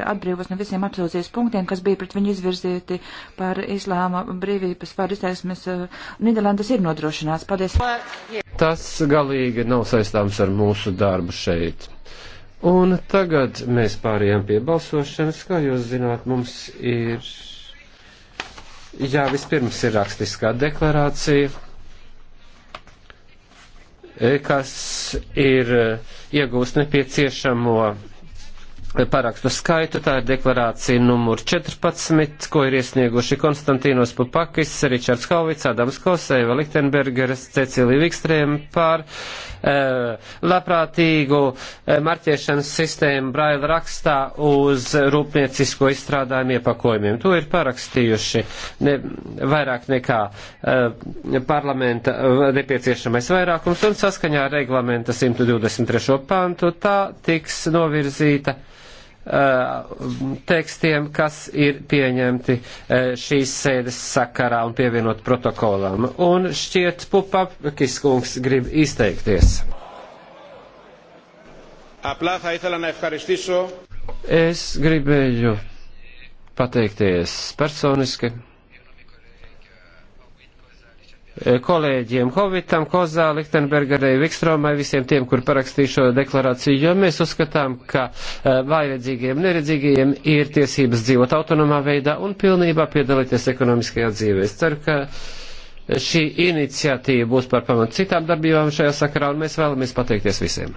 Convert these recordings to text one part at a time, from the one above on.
atbrīvos no visiem apsūdzības punktiem, kas bija pret viņu izvirzīti par islāma brīvības vārdu izteiksmes. Eh, Nīderlandes ir nodrošināts. Paldies. Tas galīgi nav saistāms ar mūsu darbu šeit. Un tagad mēs pārējām pie balsošanas. Kā jūs zināt, mums ir. Jā, vispirms ir rakstiskā deklarācija eh, kas ir eh, iegūst nepieciešamo parakstu skaitu. Tā ir deklarācija numur 14, ko ir iesnieguši Konstantīnos Pupakis, Ričards Halvic, Adams Koseiva, Lichtenbergeres, Cecilija Vikstrēma par e, labprātīgu e, marķēšanas sistēmu braila rakstā uz rūpniecisko izstrādājumu iepakojumiem. To ir parakstījuši ne, vairāk nekā e, parlamenta nepieciešamais vairākums un saskaņā ar reglamenta 123. pantu tā tiks novirzīta Uh, tekstiem, kas ir pieņemti uh, šīs sēdes sakarā un pievienot protokolam. Un šķiet, Pupakis kungs grib izteikties. Es gribēju pateikties personiski. Eh, kolēģiem Hovitam, Kozā, Lichtenbergerei, Vikstromai, visiem tiem, kur parakstīju šo deklarāciju, jo mēs uzskatām, ka eh, vājredzīgiem, neredzīgiem ir tiesības dzīvot autonomā veidā un pilnībā piedalīties ekonomiskajā dzīvē. Es ceru, ka šī iniciatīva būs par pamatu citām darbībām šajā sakarā un mēs vēlamies pateikties visiem.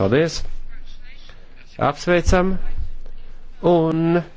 Paldies! Apsveicam! Un